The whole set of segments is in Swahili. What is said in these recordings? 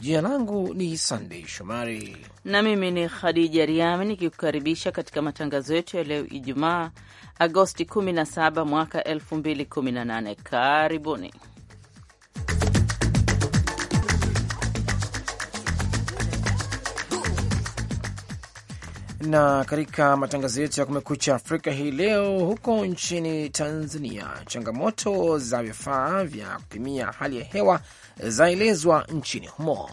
Jina langu ni Sandei Shomari na mimi ni Khadija Riami nikikukaribisha katika matangazo yetu ya leo Ijumaa, Agosti 17 mwaka 2018. Karibuni. na katika matangazo yetu ya Kumekucha Afrika hii leo, huko nchini Tanzania, changamoto za vifaa vya kupimia hali ya hewa zaelezwa nchini humo.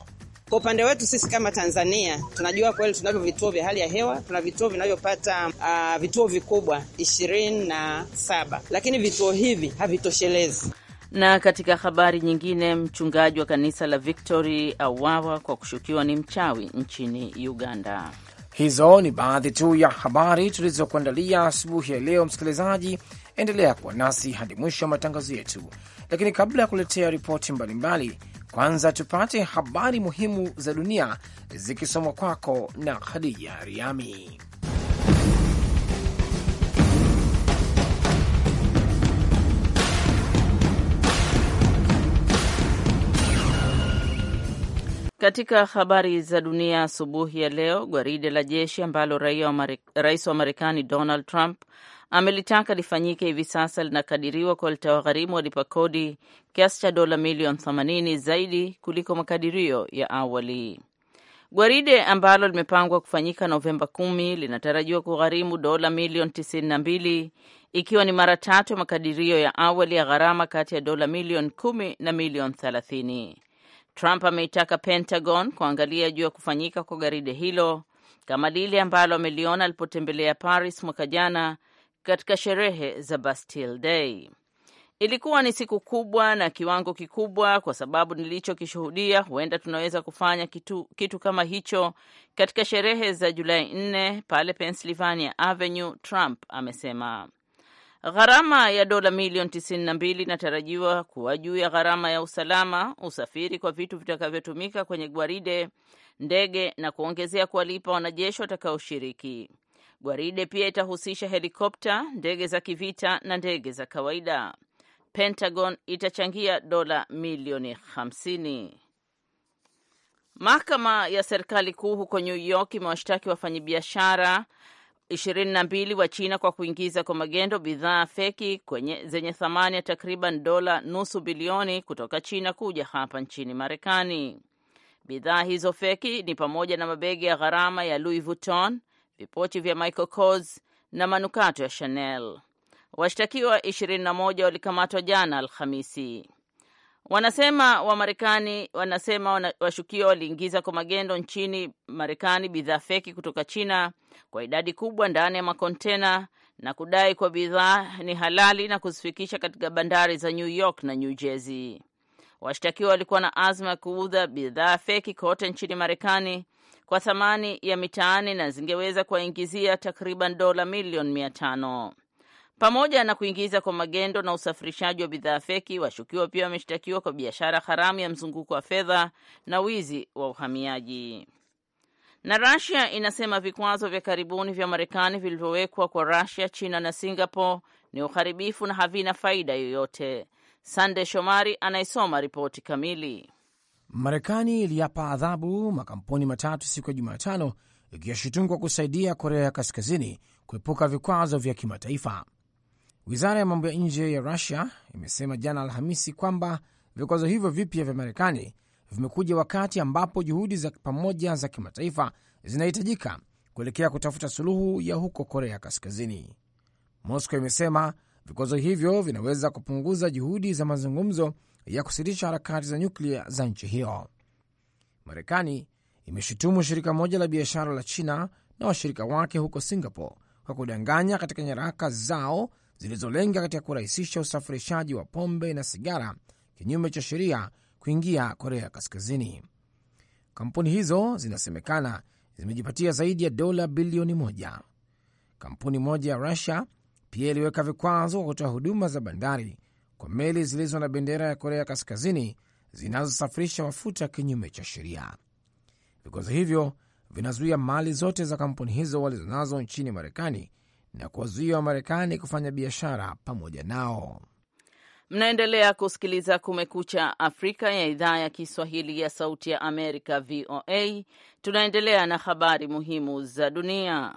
Kwa upande wetu sisi kama Tanzania tunajua kweli tunavyo vituo vya hali ya hewa, tuna vituo vinavyopata uh, vituo vikubwa ishirini na saba, lakini vituo hivi havitoshelezi. Na katika habari nyingine, mchungaji wa kanisa la Victory auawa kwa kushukiwa ni mchawi nchini Uganda. Hizo ni baadhi tu ya habari tulizokuandalia asubuhi ya leo. Msikilizaji, endelea kuwa nasi hadi mwisho wa matangazo yetu, lakini kabla ya kuletea ripoti mbalimbali, kwanza tupate habari muhimu za dunia zikisomwa kwako na Khadija Riami. Katika habari za dunia asubuhi ya leo, gwaride la jeshi ambalo rais wa Marekani Donald Trump amelitaka lifanyike hivi sasa linakadiriwa kuwa litawagharimu walipa kodi kiasi cha dola milioni 80 zaidi kuliko makadirio ya awali. Gwaride ambalo limepangwa kufanyika Novemba 10 linatarajiwa kugharimu dola milioni 92 ikiwa ni mara tatu ya makadirio ya awali ya gharama kati ya dola milioni 10 na milioni 30. Trump ameitaka Pentagon kuangalia juu ya kufanyika kwa garide hilo kama lile ambalo ameliona alipotembelea Paris mwaka jana katika sherehe za Bastille Day. Ilikuwa ni siku kubwa na kiwango kikubwa, kwa sababu nilichokishuhudia, huenda tunaweza kufanya kitu, kitu kama hicho katika sherehe za Julai 4 pale Pennsylvania Avenue, Trump amesema. Gharama ya dola milioni 92 inatarajiwa kuwa juu ya gharama ya usalama, usafiri kwa vitu vitakavyotumika kwenye gwaride, ndege na kuongezea kuwalipa wanajeshi watakaoshiriki. Gwaride pia itahusisha helikopta, ndege za kivita na ndege za kawaida. Pentagon itachangia dola milioni 50. Mahakama ya serikali kuu huko New York imewashtaki wafanyabiashara 22 wa China kwa kuingiza kwa magendo bidhaa feki kwenye zenye thamani ya takriban dola nusu bilioni kutoka China kuja hapa nchini Marekani. Bidhaa hizo feki ni pamoja na mabegi ya gharama ya Louis Vuitton, vipochi vya Michael Kors na manukato ya Chanel. Washtakiwa 21 walikamatwa jana Alhamisi. Wanasema Wamarekani wanasema washukiwa waliingiza kwa magendo nchini Marekani bidhaa feki kutoka China kwa idadi kubwa ndani ya makontena na kudai kwa bidhaa ni halali na kuzifikisha katika bandari za New York na New Jersey. Washtakiwa walikuwa na azma ya kuuza bidhaa feki kote nchini Marekani kwa thamani ya mitaani na zingeweza kuwaingizia takriban dola milioni mia tano. Pamoja na kuingiza kwa magendo na usafirishaji wa bidhaa feki, washukiwa pia wameshtakiwa kwa biashara haramu ya mzunguko wa fedha na wizi wa uhamiaji. Na rasia inasema vikwazo vya karibuni vya Marekani vilivyowekwa kwa rusia China na Singapore ni uharibifu na havina faida yoyote. Sande Shomari anayesoma ripoti kamili. Marekani iliapa adhabu makampuni matatu siku ya Jumatano ikiyashutumu kwa kusaidia Korea ya Kaskazini kuepuka vikwazo vya kimataifa. Wizara ya mambo ya nje ya Rusia imesema jana Alhamisi kwamba vikwazo hivyo vipya vya Marekani vimekuja wakati ambapo juhudi za pamoja za kimataifa zinahitajika kuelekea kutafuta suluhu ya huko Korea Kaskazini. Moscow imesema vikwazo hivyo vinaweza kupunguza juhudi za mazungumzo ya kusitisha harakati za nyuklia za nchi hiyo. Marekani imeshutumu shirika moja la biashara la China na washirika wake huko Singapore kwa kudanganya katika nyaraka zao zilizolenga katika kurahisisha usafirishaji wa pombe na sigara kinyume cha sheria kuingia Korea Kaskazini. Kampuni hizo zinasemekana zimejipatia zaidi ya dola bilioni moja. Kampuni moja ya Rusia pia iliweka vikwazo kwa kutoa huduma za bandari kwa meli zilizo na bendera ya Korea Kaskazini zinazosafirisha mafuta kinyume cha sheria. Vikwazo hivyo vinazuia mali zote za kampuni hizo walizonazo nchini Marekani na kuwazuia Wamarekani kufanya biashara pamoja nao. Mnaendelea kusikiliza Kumekucha Afrika ya idhaa ya Kiswahili ya Sauti ya Amerika, VOA. Tunaendelea na habari muhimu za dunia.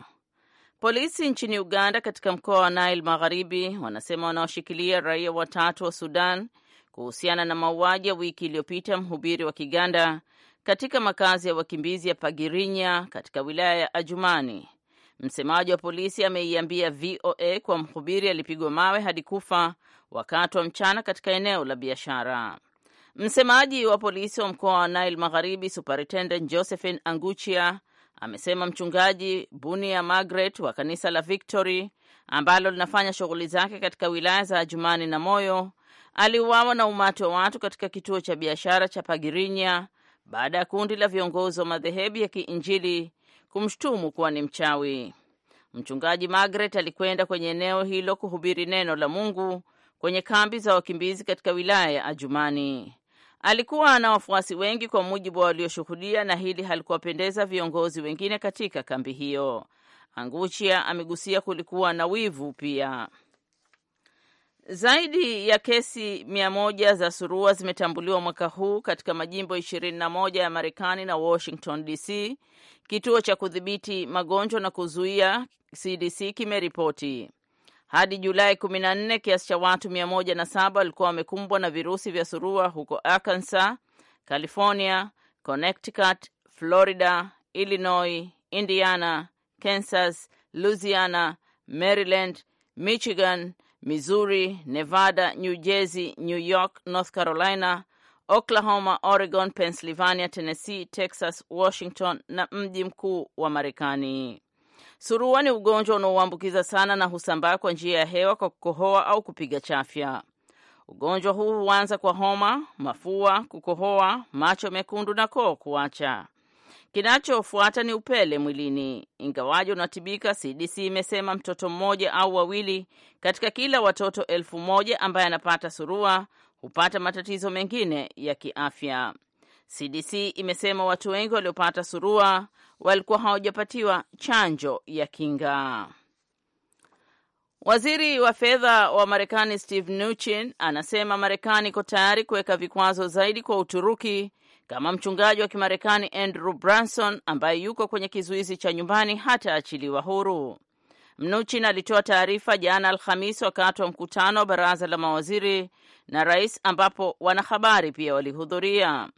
Polisi nchini Uganda katika mkoa wa Nile Magharibi wanasema wanaoshikilia raia watatu wa Sudan kuhusiana na mauaji ya wiki iliyopita mhubiri wa Kiganda katika makazi ya wakimbizi ya Pagirinya katika wilaya ya Ajumani Msemaji wa polisi ameiambia VOA kwa mhubiri alipigwa mawe hadi kufa wakati wa mchana katika eneo la biashara. Msemaji wa polisi wa mkoa wa Nile Magharibi, Superintendent Josephine Anguchia, amesema mchungaji Bunia Margaret wa kanisa la Victory ambalo linafanya shughuli zake katika wilaya za ajumani na Moyo aliuawa na umati wa watu katika kituo cha biashara cha Pagirinya baada ya kundi la viongozi wa madhehebu ya Kiinjili kumshutumu kuwa ni mchawi. Mchungaji Margaret alikwenda kwenye eneo hilo kuhubiri neno la Mungu kwenye kambi za wakimbizi katika wilaya ya Ajumani. Alikuwa ana wafuasi wengi kwa mujibu wa walioshuhudia, na hili halikuwapendeza viongozi wengine katika kambi hiyo. Anguchia amegusia kulikuwa na wivu pia. Zaidi ya kesi mia moja za surua zimetambuliwa mwaka huu katika majimbo ishirini na moja ya Marekani na Washington DC, kituo cha kudhibiti magonjwa na kuzuia CDC kimeripoti. Hadi Julai 14 kiasi cha watu 107 walikuwa wamekumbwa na virusi vya surua huko Arkansas, California, Connecticut, Florida, Illinois, Indiana, Kansas, Louisiana, Maryland, Michigan, Missouri, Nevada, New Jersey, New York, North Carolina, Oklahoma, Oregon, Pennsylvania, Tennessee, Texas, Washington na mji mkuu wa Marekani. Surua ni ugonjwa unaoambukiza sana na husambaa kwa njia ya hewa kwa kukohoa au kupiga chafya. Ugonjwa huu huanza kwa homa, mafua, kukohoa, macho mekundu na koo kuacha. Kinachofuata ni upele mwilini. Ingawaji unatibika, CDC imesema mtoto mmoja au wawili katika kila watoto elfu moja ambaye anapata surua hupata matatizo mengine ya kiafya. CDC imesema watu wengi waliopata surua walikuwa hawajapatiwa chanjo ya kinga. Waziri wa fedha wa Marekani Steve Mnuchin anasema Marekani iko tayari kuweka vikwazo zaidi kwa Uturuki kama mchungaji wa Kimarekani Andrew Branson ambaye yuko kwenye kizuizi cha nyumbani hataachiliwa huru. Mnuchin alitoa taarifa jana Alhamisi wakati wa mkutano wa baraza la mawaziri na rais, ambapo wanahabari pia walihudhuria.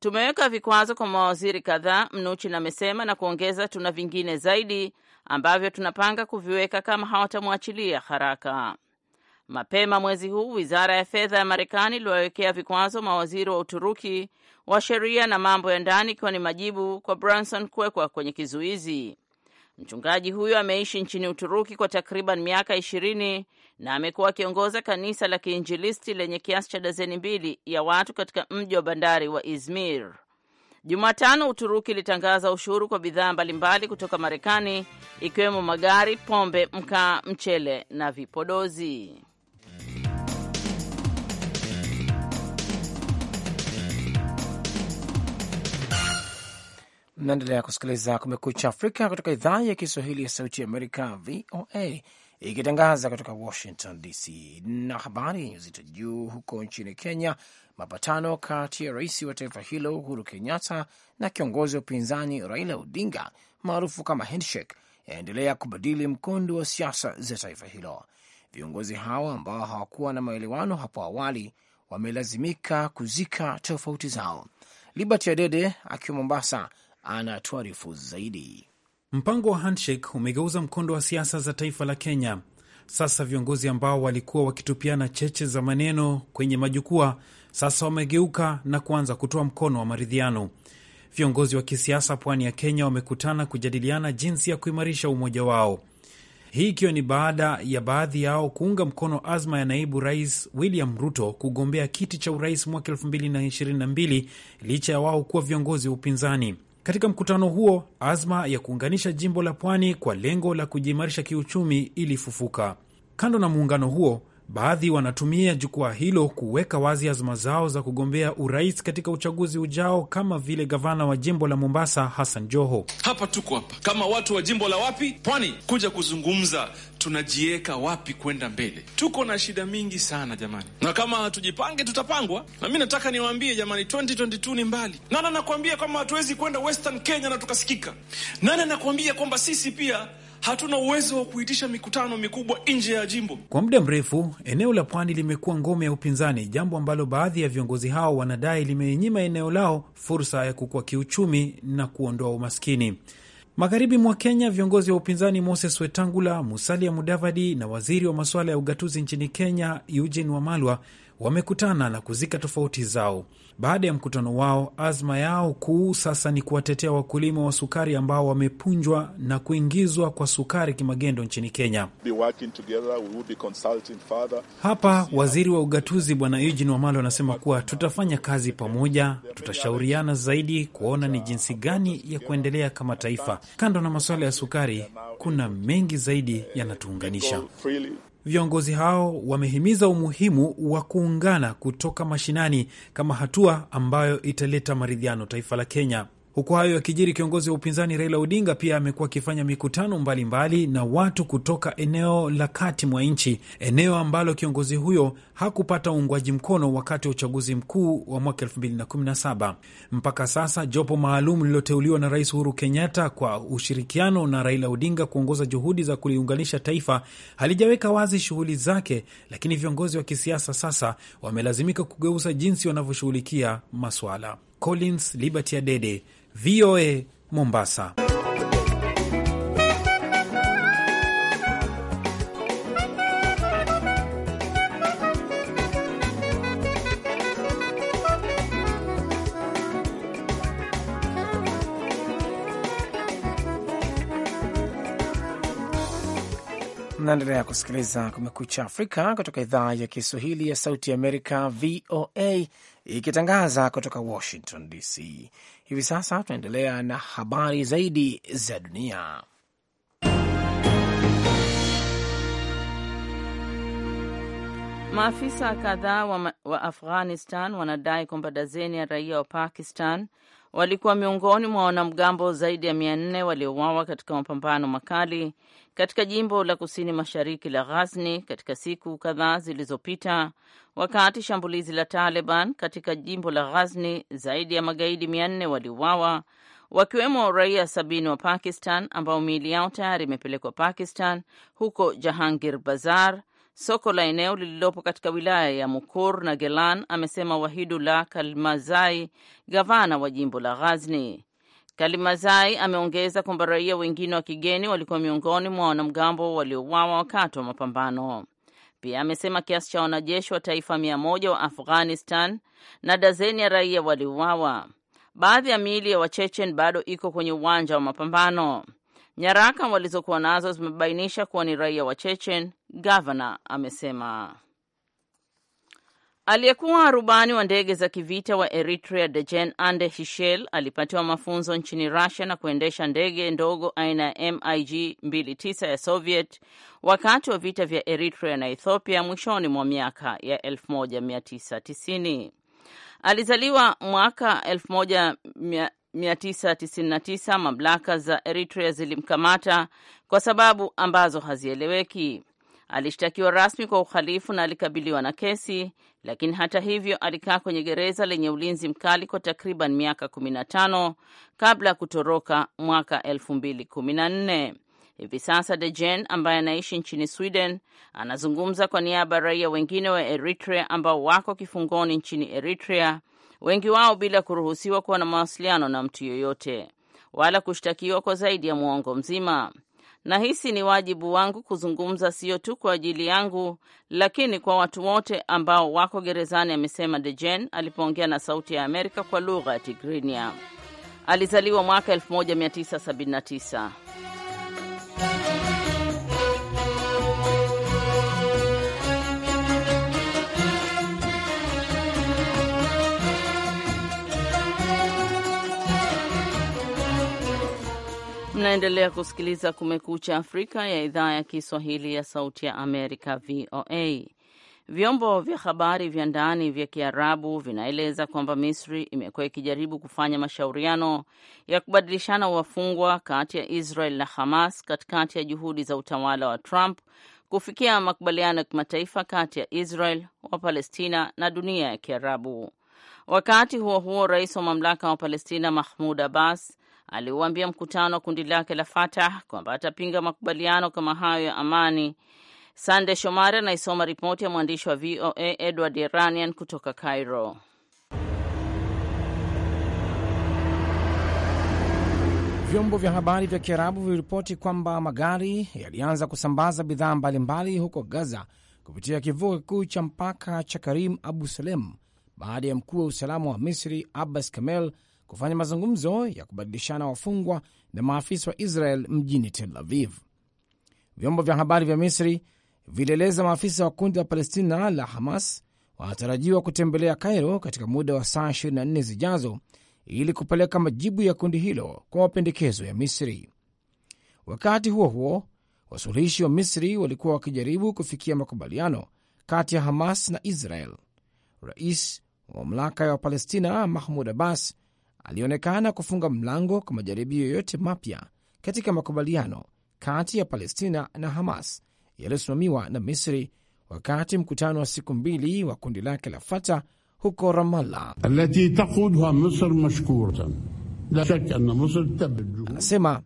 Tumeweka vikwazo kwa mawaziri kadhaa, Mnuchin amesema na kuongeza, tuna vingine zaidi ambavyo tunapanga kuviweka kama hawatamwachilia haraka. Mapema mwezi huu wizara ya fedha ya Marekani iliwawekea vikwazo mawaziri wa Uturuki wa sheria na mambo ya ndani, ikiwa ni majibu kwa Branson kuwekwa kwenye kizuizi. Mchungaji huyo ameishi nchini Uturuki kwa takriban miaka ishirini na amekuwa akiongoza kanisa la kiinjilisti lenye kiasi cha dazeni mbili ya watu katika mji wa bandari wa Izmir. Jumatano, Uturuki ilitangaza ushuru kwa bidhaa mbalimbali kutoka Marekani, ikiwemo magari, pombe, mkaa, mchele na vipodozi. Mnaendelea kusikiliza Kumekucha Afrika kutoka idhaa ya Kiswahili ya Sauti ya Amerika, VOA, ikitangaza kutoka Washington DC. Na habari yenye uzito juu huko nchini Kenya, mapatano kati ya rais wa taifa hilo Uhuru Kenyatta na kiongozi wa upinzani Raila Odinga maarufu kama handshake yaendelea kubadili mkondo wa siasa za taifa hilo. Viongozi hao ambao hawakuwa na maelewano hapo awali wamelazimika kuzika tofauti zao. Liberty Adede akiwa Mombasa anatuarifu zaidi. Mpango wa handshake umegeuza mkondo wa siasa za taifa la Kenya. Sasa viongozi ambao walikuwa wakitupiana cheche za maneno kwenye majukwaa sasa wamegeuka na kuanza kutoa mkono wa maridhiano. Viongozi wa kisiasa pwani ya Kenya wamekutana kujadiliana jinsi ya kuimarisha umoja wao, hii ikiwa ni baada ya baadhi yao kuunga mkono azma ya naibu rais William Ruto kugombea kiti cha urais mwaka 2022 licha ya wao kuwa viongozi wa upinzani. Katika mkutano huo, azma ya kuunganisha jimbo la pwani kwa lengo la kujiimarisha kiuchumi ilifufuka. Kando na muungano huo, baadhi wanatumia jukwaa hilo kuweka wazi azma zao za kugombea urais katika uchaguzi ujao, kama vile gavana wa jimbo la Mombasa Hassan Joho. Hapa tuko hapa kama watu wa jimbo la wapi? Pwani, kuja kuzungumza tunajiweka wapi kwenda mbele? Tuko na shida mingi sana jamani, na kama hatujipange tutapangwa. Na mi nataka niwaambie jamani, 2022 ni mbali. Nani anakuambia kwamba hatuwezi kwenda Western Kenya na tukasikika? Nani anakuambia kwamba sisi pia hatuna uwezo wa kuitisha mikutano mikubwa nje ya jimbo. Kwa muda mrefu, eneo la pwani limekuwa ngome ya upinzani, jambo ambalo baadhi ya viongozi hao wanadai limeinyima eneo lao fursa ya kukua kiuchumi na kuondoa umaskini. Magharibi mwa Kenya, viongozi wa upinzani Moses Wetangula, Musalia Mudavadi na waziri wa masuala ya ugatuzi nchini Kenya Eugene Wamalwa wamekutana na kuzika tofauti zao. Baada ya mkutano wao, azma yao kuu sasa ni kuwatetea wakulima wa sukari ambao wamepunjwa na kuingizwa kwa sukari kimagendo nchini Kenya. Hapa waziri wa ugatuzi Bwana Eugene Wamalo anasema kuwa tutafanya kazi pamoja, tutashauriana zaidi kuona ni jinsi gani ya kuendelea kama taifa. Kando na masuala ya sukari, kuna mengi zaidi yanatuunganisha. Viongozi hao wamehimiza umuhimu wa kuungana kutoka mashinani kama hatua ambayo italeta maridhiano taifa la Kenya. Huku hayo yakijiri, kiongozi wa upinzani Raila Odinga pia amekuwa akifanya mikutano mbalimbali mbali na watu kutoka eneo la kati mwa nchi, eneo ambalo kiongozi huyo hakupata uungwaji mkono wakati wa uchaguzi mkuu wa mwaka 2017. Mpaka sasa jopo maalum lililoteuliwa na Rais Uhuru Kenyatta kwa ushirikiano na Raila Odinga kuongoza juhudi za kuliunganisha taifa halijaweka wazi shughuli zake, lakini viongozi wa kisiasa sasa wamelazimika kugeuza jinsi wanavyoshughulikia maswala. Collins Liberty Adede VOA Mombasa. Naendelea kusikiliza Kumekucha Afrika kutoka idhaa ya Kiswahili ya Sauti ya Amerika, VOA ikitangaza kutoka Washington DC. Hivi sasa tunaendelea na habari zaidi za dunia. Maafisa kadhaa wa, wa Afghanistan wanadai kwamba dazeni ya raia wa Pakistan walikuwa miongoni mwa wanamgambo zaidi ya mia nne waliouawa katika mapambano makali katika jimbo la kusini mashariki la Ghazni katika siku kadhaa zilizopita, wakati shambulizi la Taliban katika jimbo la Ghazni, zaidi ya magaidi mia nne waliuawa wakiwemo raia sabini wa Pakistan ambao miili yao tayari imepelekwa Pakistan, huko Jahangir Bazar, soko la eneo lililopo katika wilaya ya Mukur na Gelan, amesema Wahidullah Kalmazai, gavana wa jimbo la Ghazni. Kalimazai ameongeza kwamba raia wengine wa kigeni walikuwa miongoni mwa wanamgambo waliouawa wakati wa mapambano. Pia amesema kiasi cha wanajeshi wa taifa mia moja wa Afghanistan na dazeni ya raia waliuawa. Baadhi ya miili ya Wachechen bado iko kwenye uwanja wa mapambano. Nyaraka walizokuwa nazo zimebainisha kuwa ni raia wa Chechen, gavana amesema. Aliyekuwa rubani wa ndege za kivita wa Eritrea Dejen Ande Hichel alipatiwa mafunzo nchini Russia na kuendesha ndege ndogo aina ya MiG 29 ya Soviet wakati wa vita vya Eritrea na Ethiopia mwishoni mwa miaka ya 1990. Alizaliwa mwaka 1999. Mamlaka za Eritrea zilimkamata kwa sababu ambazo hazieleweki. Alishtakiwa rasmi kwa uhalifu na alikabiliwa na kesi, lakini hata hivyo alikaa kwenye gereza lenye ulinzi mkali kwa takriban miaka 15 kabla ya kutoroka mwaka 2014. Hivi sasa Dejen ambaye anaishi nchini Sweden anazungumza kwa niaba ya raia wengine wa Eritrea ambao wako kifungoni nchini Eritrea, wengi wao bila kuruhusiwa kuwa na mawasiliano na mtu yoyote wala kushtakiwa kwa zaidi ya mwongo mzima. Nahisi ni wajibu wangu kuzungumza, siyo tu kwa ajili yangu, lakini kwa watu wote ambao wako gerezani, amesema Dejen alipoongea na Sauti ya Amerika kwa lugha ya Tigrinya. Alizaliwa mwaka 1979. Mnaendelea kusikiliza Kumekucha Afrika ya idhaa ya Kiswahili ya Sauti ya Amerika, VOA. Vyombo vya habari vya ndani vya Kiarabu vinaeleza kwamba Misri imekuwa ikijaribu kufanya mashauriano ya kubadilishana wafungwa kati ya Israel na Hamas katikati ya juhudi za utawala wa Trump kufikia makubaliano ya kimataifa kati ya Israel, Wapalestina na dunia ya Kiarabu. Wakati huo huo, rais wa mamlaka wa Palestina Mahmud Abbas aliuambia mkutano wa kundi lake la Fatah kwamba atapinga makubaliano kama hayo ya amani. Sande Shomari anaisoma ripoti ya mwandishi wa VOA Edward Iranian kutoka Cairo. Vyombo vya habari vya Kiarabu viliripoti kwamba magari yalianza kusambaza bidhaa mbalimbali huko Gaza kupitia kivuko kikuu cha mpaka cha Karim Abu Salem baada ya mkuu wa usalama wa Misri Abbas Kamel kufanya mazungumzo ya kubadilishana wafungwa na maafisa wa Israel mjini Tel Aviv. Vyombo vya habari vya Misri vilieleza maafisa wa kundi la Palestina la Hamas wanatarajiwa kutembelea Kairo katika muda wa saa 24 zijazo ili kupeleka majibu ya kundi hilo kwa mapendekezo ya Misri. Wakati huo huo, wasuluhishi wa Misri walikuwa wakijaribu kufikia makubaliano kati ya Hamas na Israel. Rais wa mamlaka ya Wapalestina Mahmud Abbas alionekana kufunga mlango kwa majaribio yoyote mapya katika makubaliano kati ya Palestina na Hamas yaliyosimamiwa na Misri wakati mkutano wa siku mbili wa kundi lake la Fata huko Ramallah. Anasema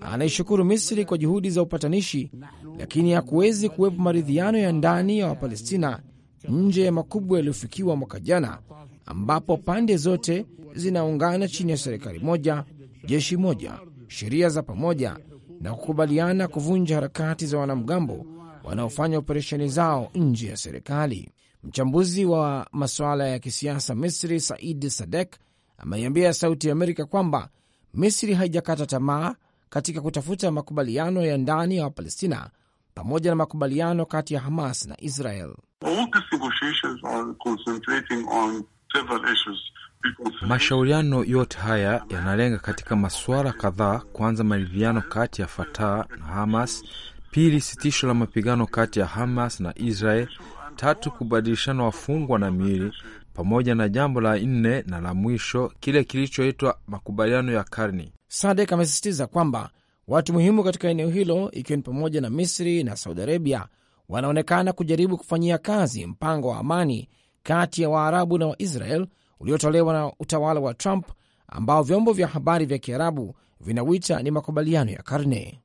anaishukuru Misri kwa juhudi za upatanishi, lakini hakuwezi kuwepo maridhiano ya ndani ya Wapalestina nje ya makubwa yaliyofikiwa mwaka jana ambapo pande zote zinaungana chini ya serikali moja, jeshi moja, sheria za pamoja na kukubaliana kuvunja harakati za wanamgambo wanaofanya operesheni zao nje ya serikali. Mchambuzi wa masuala ya kisiasa Misri, Said Sadek, ameiambia Sauti ya Amerika kwamba Misri haijakata tamaa katika kutafuta makubaliano ya ndani ya Wapalestina pamoja na makubaliano kati ya Hamas na Israel. All these negotiations are concentrating on Mashauriano yote haya yanalenga katika masuala kadhaa: kwanza, maridhiano kati ya Fatah na Hamas; pili, sitisho la mapigano kati ya Hamas na Israel; tatu, kubadilishana wafungwa na miili, pamoja na jambo la nne na la mwisho, kile kilichoitwa makubaliano ya karni. Sadek amesisitiza kwamba watu muhimu katika eneo hilo, ikiwa ni pamoja na Misri na Saudi Arabia, wanaonekana kujaribu kufanyia kazi mpango wa amani kati ya Waarabu na Waisrael uliotolewa na utawala wa Trump ambao vyombo vya habari vya Kiarabu vinawita ni makubaliano ya karne.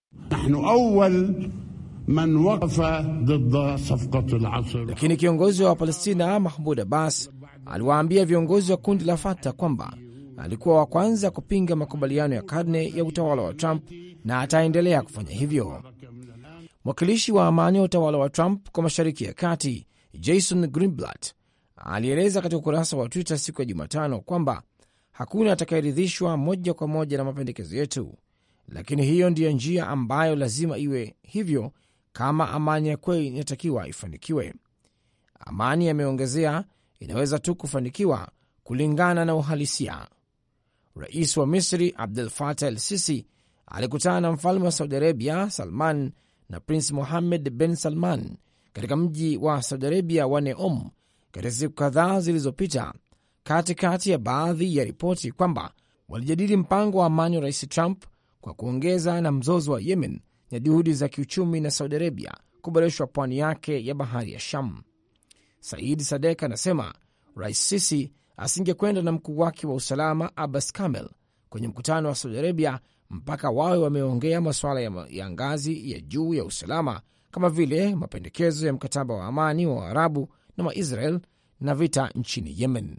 Lakini kiongozi wa Wapalestina Mahmud Abbas aliwaambia viongozi wa kundi la Fatah kwamba alikuwa wa kwanza kupinga makubaliano ya karne ya utawala wa Trump na ataendelea kufanya hivyo. Mwakilishi wa amani wa utawala wa Trump kwa Mashariki ya Kati Jason Greenblatt alieleza katika ukurasa wa Twitter siku ya Jumatano kwamba hakuna atakayeridhishwa moja kwa moja na mapendekezo yetu, lakini hiyo ndiyo njia ambayo lazima iwe hivyo kama amani ya kweli inatakiwa ifanikiwe. Amani, yameongezea, inaweza tu kufanikiwa kulingana na uhalisia. Rais wa Misri Abdel Fattah El Sisi alikutana na mfalme wa Saudi Arabia Salman na Prince Mohammed bin Salman katika mji wa Saudi Arabia wa Neom katika siku kadhaa zilizopita, katikati ya baadhi ya ripoti kwamba walijadili mpango wa amani wa Rais Trump kwa kuongeza na mzozo wa Yemen na juhudi za kiuchumi na Saudi Arabia kuboreshwa pwani yake ya bahari ya Sham. Said Sadek anasema Rais Sisi asingekwenda na mkuu wake wa usalama Abbas Kamel kwenye mkutano wa Saudi Arabia mpaka wawe wameongea masuala ya, ya ngazi ya juu ya usalama kama vile mapendekezo ya mkataba wa amani wa arabu na Waisrael na vita nchini Yemen.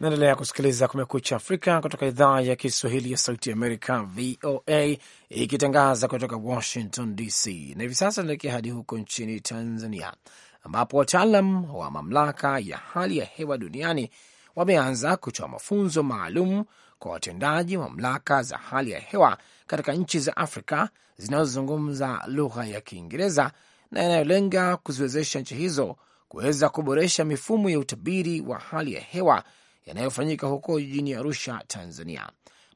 Naendelea kusikiliza Kumekucha Afrika kutoka idhaa ya Kiswahili ya Sauti ya Amerika, VOA, ikitangaza kutoka Washington DC. Na hivi sasa tunaelekea hadi huko nchini Tanzania, ambapo wataalam wa mamlaka ya hali ya hewa duniani wameanza kutoa mafunzo maalum kwa watendaji mamlaka za hali ya hewa katika nchi za Afrika zinazozungumza lugha ya Kiingereza na yanayolenga kuziwezesha nchi hizo kuweza kuboresha mifumo ya utabiri wa hali ya hewa yanayofanyika huko jijini Arusha, Tanzania.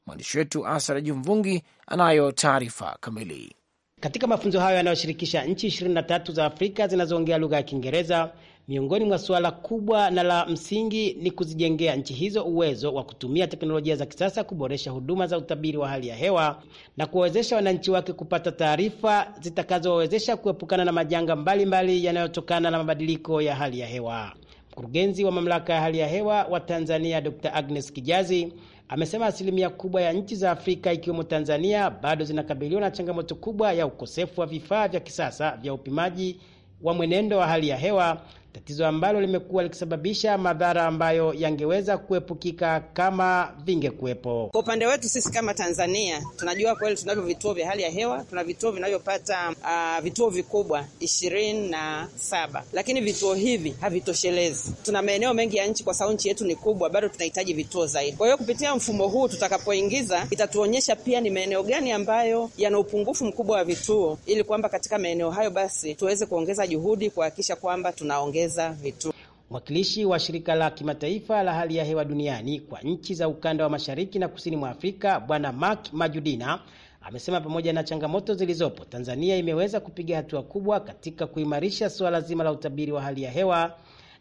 Mwandishi wetu Asara Jumvungi anayo taarifa kamili. Katika mafunzo hayo yanayoshirikisha nchi 23 za Afrika zinazoongea lugha ya Kiingereza, Miongoni mwa suala kubwa na la msingi ni kuzijengea nchi hizo uwezo wa kutumia teknolojia za kisasa kuboresha huduma za utabiri wa hali ya hewa na kuwawezesha wananchi wake kupata taarifa zitakazowawezesha kuepukana na majanga mbalimbali yanayotokana na mabadiliko ya hali ya hewa. Mkurugenzi wa mamlaka ya hali ya hewa wa Tanzania Dr. Agnes Kijazi amesema asilimia kubwa ya nchi za Afrika ikiwemo Tanzania bado zinakabiliwa na changamoto kubwa ya ukosefu wa vifaa vya kisasa vya upimaji wa mwenendo wa hali ya hewa tatizo ambalo limekuwa likisababisha madhara ambayo yangeweza kuepukika kama vingekuwepo. Kwa upande wetu sisi kama Tanzania tunajua kweli tunavyo vituo vya hali ya hewa, tuna vituo vinavyopata uh, vituo vikubwa ishirini na saba, lakini vituo hivi havitoshelezi. Tuna maeneo mengi ya nchi, kwa sababu nchi yetu ni kubwa, bado tunahitaji vituo zaidi. Kwa hiyo kupitia mfumo huu tutakapoingiza, itatuonyesha pia ni maeneo gani ambayo yana upungufu mkubwa wa vituo, ili kwamba katika maeneo hayo basi tuweze kuongeza juhudi kuhakikisha kwamba tunaongeza kuongeza vituo. Mwakilishi wa shirika la kimataifa la hali ya hewa duniani kwa nchi za ukanda wa mashariki na kusini mwa Afrika, Bwana Mark Majudina amesema pamoja na changamoto zilizopo, Tanzania imeweza kupiga hatua kubwa katika kuimarisha suala zima la utabiri wa hali ya hewa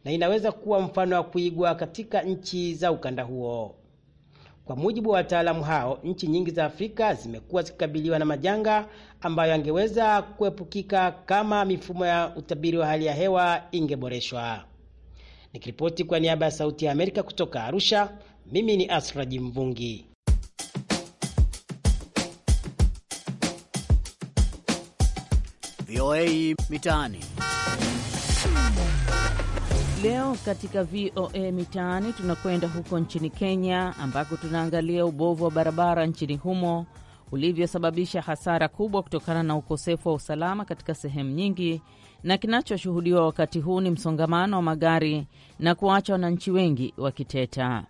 na inaweza kuwa mfano wa kuigwa katika nchi za ukanda huo. Kwa mujibu wa wataalamu hao, nchi nyingi za Afrika zimekuwa zikikabiliwa na majanga ambayo yangeweza kuepukika kama mifumo ya utabiri wa hali ya hewa ingeboreshwa. Nikiripoti kwa niaba ya Sauti ya Amerika kutoka Arusha, mimi ni Asraji Mvungi. VOA Mitaani leo katika VOA Mitaani tunakwenda huko nchini Kenya, ambako tunaangalia ubovu wa barabara nchini humo ulivyosababisha hasara kubwa kutokana na ukosefu wa usalama katika sehemu nyingi, na kinachoshuhudiwa wakati huu ni msongamano wa magari na kuwacha wananchi wengi wakiteta.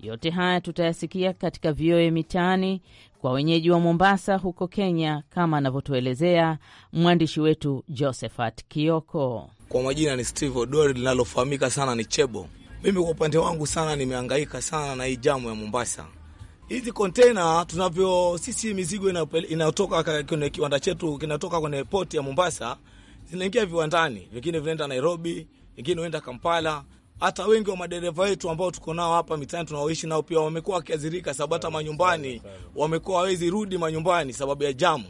Yote haya tutayasikia katika VOA Mitaani kwa wenyeji wa Mombasa huko Kenya, kama anavyotuelezea mwandishi wetu Josephat Kioko kwa majina ni Steve Odori, linalofahamika sana ni Chebo. Mimi kwa upande wangu sana nimehangaika sana na hii jamu ya Mombasa. Hizi kontena tunavyo sisi, mizigo inayotoka kwenye kiwanda chetu kinatoka kwenye poti ya Mombasa, zinaingia viwandani, vingine vinaenda Nairobi, vingine huenda Kampala. Hata wengi wa madereva wetu ambao tuko nao hapa mitaani tunaoishi nao pia wamekuwa wakiadhirika, sababu hata manyumbani wamekuwa hawezi rudi manyumbani sababu ya jamu.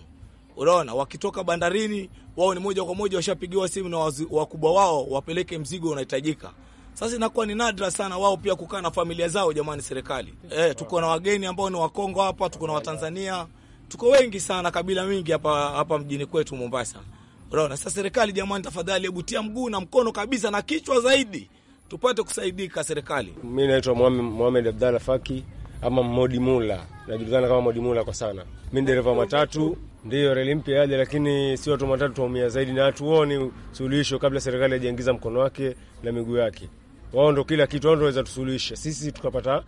Unaona, wakitoka bandarini wao ni moja kwa moja washapigiwa simu na wakubwa wao wapeleke mzigo unahitajika. Sasa inakuwa ni nadra sana wao pia kukaa na familia zao. Jamani serikali, eh, tuko na wageni ambao ni Wakongo hapa, tuko na Watanzania, tuko wengi sana, kabila mingi hapa hapa mjini kwetu Mombasa. Unaona, sasa serikali, jamani, tafadhali hebu tia mguu na mkono kabisa na kichwa zaidi, tupate kusaidika serikali. Mimi naitwa Mohamed Abdalla Faki ama Modimula, najulikana kama Modimula kwa sana. Mi dereva matatu, ndiyo reli mpya yaje, lakini si watu matatu twaumia zaidi, na hatuoni suluhisho kabla serikali hajaingiza mkono wake na miguu yake. Wao ndo kila kitu, wao ndo waweza tusuluhisha sisi tukapata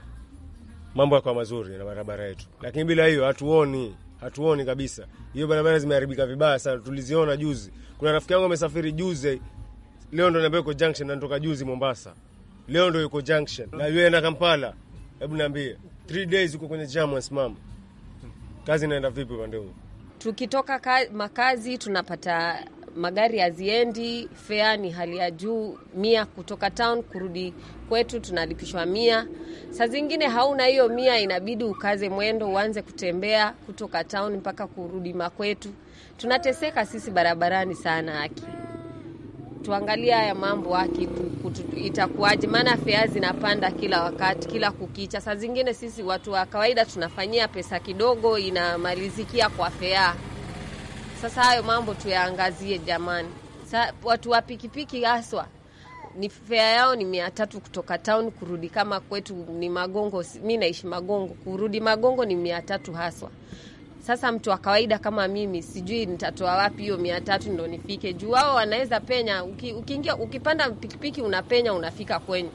mambo yakawa mazuri na barabara yetu, lakini bila hiyo hatuoni hatuoni kabisa. Hiyo barabara zimeharibika vibaya sana, tuliziona juzi. Kuna rafiki yangu amesafiri juzi, leo ndo niambia yuko junction, na natoka juzi Mombasa, leo ndo yuko junction na yeye na Kampala. Hebu niambie three days uko kwenye jam unasimama, Kazi inaenda vipi upande huo? Tukitoka ka, makazi tunapata magari haziendi, fea ni hali ya juu, mia kutoka town kurudi kwetu tunalipishwa mia. Saa zingine hauna hiyo mia, inabidi ukaze mwendo, uanze kutembea kutoka town mpaka kurudi makwetu. Tunateseka sisi barabarani sana, haki tuangalie haya mambo haki itakuwaje, maana fea zinapanda kila wakati, kila kukicha. Saa zingine sisi watu wa kawaida tunafanyia pesa kidogo, inamalizikia kwa fea. Sasa hayo mambo tuyaangazie jamani. Sa, watu wa pikipiki haswa ni fea yao ni mia tatu kutoka town kurudi, kama kwetu ni Magongo, mi naishi Magongo, kurudi Magongo ni mia tatu haswa sasa mtu wa kawaida kama mimi sijui nitatoa wapi hiyo mia tatu ndo nifike juu. Wao wanaweza penya, ukiingia uki ukipanda pikipiki unapenya unafika kwenyu,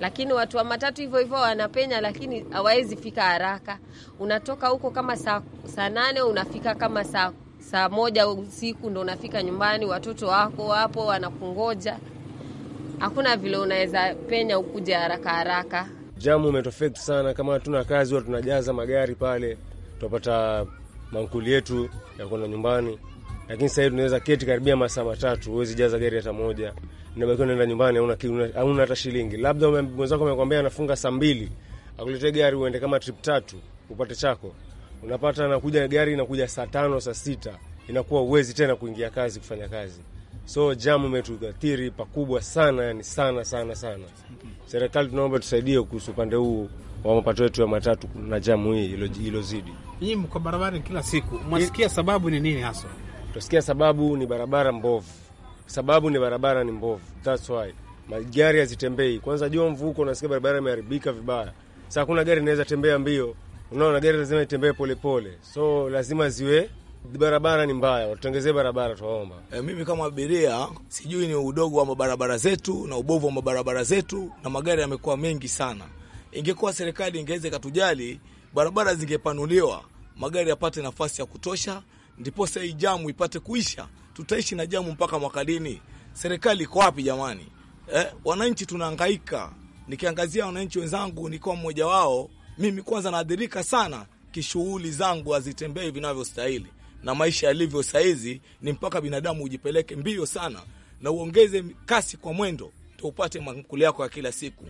lakini watu wa matatu hivyo hivyo wanapenya, lakini hawawezi fika haraka. Unatoka huko kama saa sa nane unafika kama saa saa moja usiku ndo unafika nyumbani, watoto wako wapo wanakungoja. Hakuna vile unaweza penya ukuje haraka haraka. Jamu umetofect sana, kama hatuna kazi huwa tunajaza magari pale, tunapata mankuli yetu ya kwenda nyumbani, lakini sasa hivi tunaweza keti karibia masaa matatu, huwezi jaza gari hata moja, nabakiwa naenda nyumbani, hauna hata shilingi. Labda mwenzako amekwambia anafunga saa mbili, akuletee gari uende kama trip tatu upate chako, unapata nakuja gari inakuja saa tano saa sita, inakuwa uwezi tena kuingia kazi kufanya kazi. So jamu imetuathiri pakubwa sana, yani sana sana sana. Serikali tunaomba tusaidie kuhusu upande huu wa mapato yetu ya matatu na jamu hii ilozidi. Nyinyi mko barabara kila siku, mwasikia sababu ni nini hasa? Tusikia sababu ni barabara mbovu, sababu ni barabara ni mbovu, that's why magari hazitembei. Kwanza jua mvuko, unasikia barabara imeharibika vibaya, sasa kuna gari inaweza tembea mbio, unaona gari lazima itembee polepole, so lazima ziwe barabara ni mbaya, watutengezee barabara tuwaomba. E, mimi kama abiria sijui ni udogo wa mabarabara zetu na ubovu wa mabarabara zetu, na magari yamekuwa mengi sana. Ingekuwa serikali ingeweza ikatujali, barabara zingepanuliwa, magari yapate nafasi ya kutosha, ndipo sasa hii jamu ipate kuisha. Tutaishi na jamu mpaka mwaka lini? Serikali iko wapi jamani? Eh, wananchi tunahangaika. Nikiangazia wananchi wenzangu, nikiwa mmoja wao, mimi kwanza naadhirika sana kishughuli zangu hazitembei vinavyostahili, na maisha yalivyo saizi ni mpaka binadamu ujipeleke mbio sana na uongeze kasi kwa mwendo ndio upate makuli yako ya kila siku.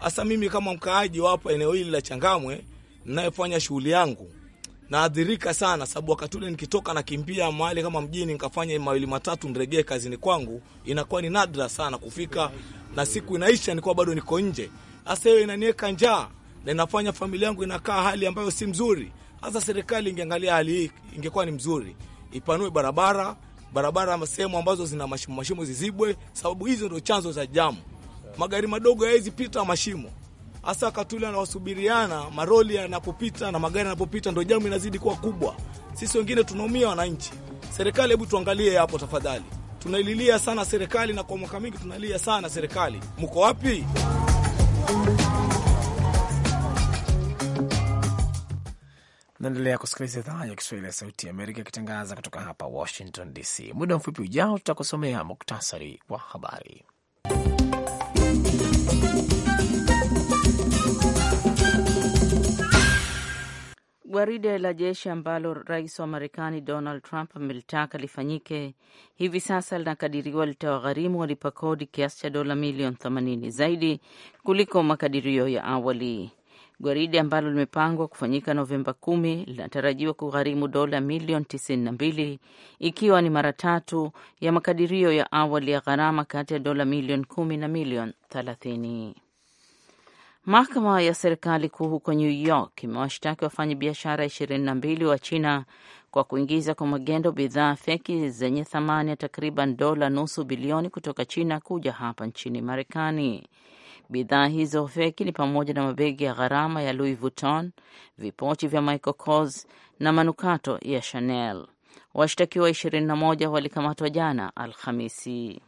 Hasa mimi kama mkaaji wa hapa eneo hili la Changamwe ninayefanya shughuli yangu naadhirika sana, sababu wakati ule nikitoka nakimbia mahali kama mjini nikafanya mawili matatu nirejee kazini kwangu, inakuwa ni nadra sana kufika, na siku inaisha nikuwa bado niko nje. Hasa hiyo inaniweka njaa na inafanya familia yangu inakaa hali ambayo si mzuri. Hasa serikali ingeangalia hali hii, ingekuwa ni mzuri, ipanue barabara barabara, sehemu ambazo zina mashimo mashimo zizibwe, sababu hizo ndio chanzo za jamu magari madogo hayawezi pita mashimo. Hasa wakati ule anawasubiriana maroli yanapopita na magari yanapopita, ndo jamu inazidi kuwa kubwa. Sisi wengine tunaumia, wananchi. Serikali, hebu tuangalie hapo tafadhali. Tunaililia sana serikali, na kwa mwaka mingi tunalilia sana serikali. Mko wapi? Naendelea kusikiliza idhaa ya Kiswahili ya Sauti ya Amerika ikitangaza kutoka hapa Washington DC. Muda mfupi ujao, tutakusomea muktasari wa habari. Gwaride la jeshi ambalo rais wa Marekani Donald Trump amelitaka lifanyike hivi sasa linakadiriwa litawagharimu walipa kodi kiasi cha dola milioni 80 zaidi kuliko makadirio ya awali. Gwaride ambalo limepangwa kufanyika Novemba kumi linatarajiwa kugharimu dola milioni 92 ikiwa ni mara tatu ya makadirio ya awali ya gharama kati ya dola milioni kumi na milioni 0 Mahakama ya serikali kuu huko New York imewashtaki wafanyabiashara 22 wa China kwa kuingiza kwa magendo bidhaa feki zenye thamani ya takriban dola nusu bilioni kutoka China kuja hapa nchini Marekani. Bidhaa hizo feki ni pamoja na mabegi ya gharama ya Louis Vuitton, vipochi vya Michael Kors na manukato ya Chanel. Washtakiwa 21 walikamatwa jana Alhamisi.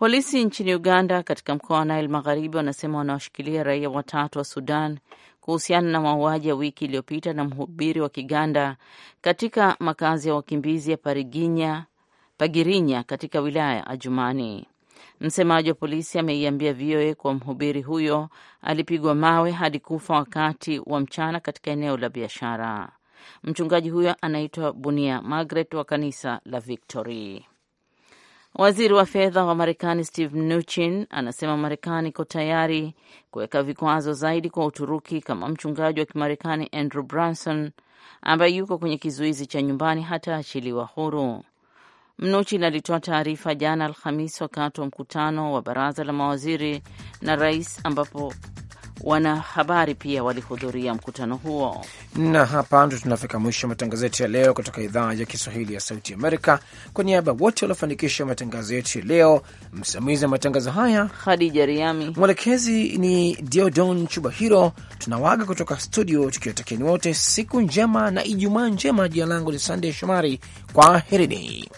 Polisi nchini Uganda katika mkoa wa Nile Magharibi wanasema wanawashikilia raia watatu wa Sudan kuhusiana na mauaji ya wiki iliyopita na mhubiri wa Kiganda katika makazi ya wakimbizi ya Pariginya, Pagirinya katika wilaya ya Ajumani. Msemaji wa polisi ameiambia VOA kuwa mhubiri huyo alipigwa mawe hadi kufa wakati wa mchana katika eneo la biashara. Mchungaji huyo anaitwa Bunia Margaret wa kanisa la Victory. Waziri wa fedha wa Marekani Steve Mnuchin anasema Marekani iko tayari kuweka vikwazo zaidi kwa Uturuki kama mchungaji wa Kimarekani Andrew Branson ambaye yuko kwenye kizuizi cha nyumbani hataachiliwa huru. Mnuchin alitoa taarifa jana Alhamis wakati wa mkutano wa baraza la mawaziri na rais ambapo Wanahabari pia walihudhuria mkutano huo. Na hapa ndo tunafika mwisho matangazo yetu ya leo kutoka idhaa ya Kiswahili ya Sauti Amerika. Kwa niaba wote waliofanikisha matangazo yetu ya leo, msimamizi wa matangazo haya Hadija Riami, mwelekezi ni Diodon Chubahiro. Tunawaga kutoka studio tukiwatakieni wote siku njema na Ijumaa njema. Jina langu ni Sandey Shomari, kwaherini.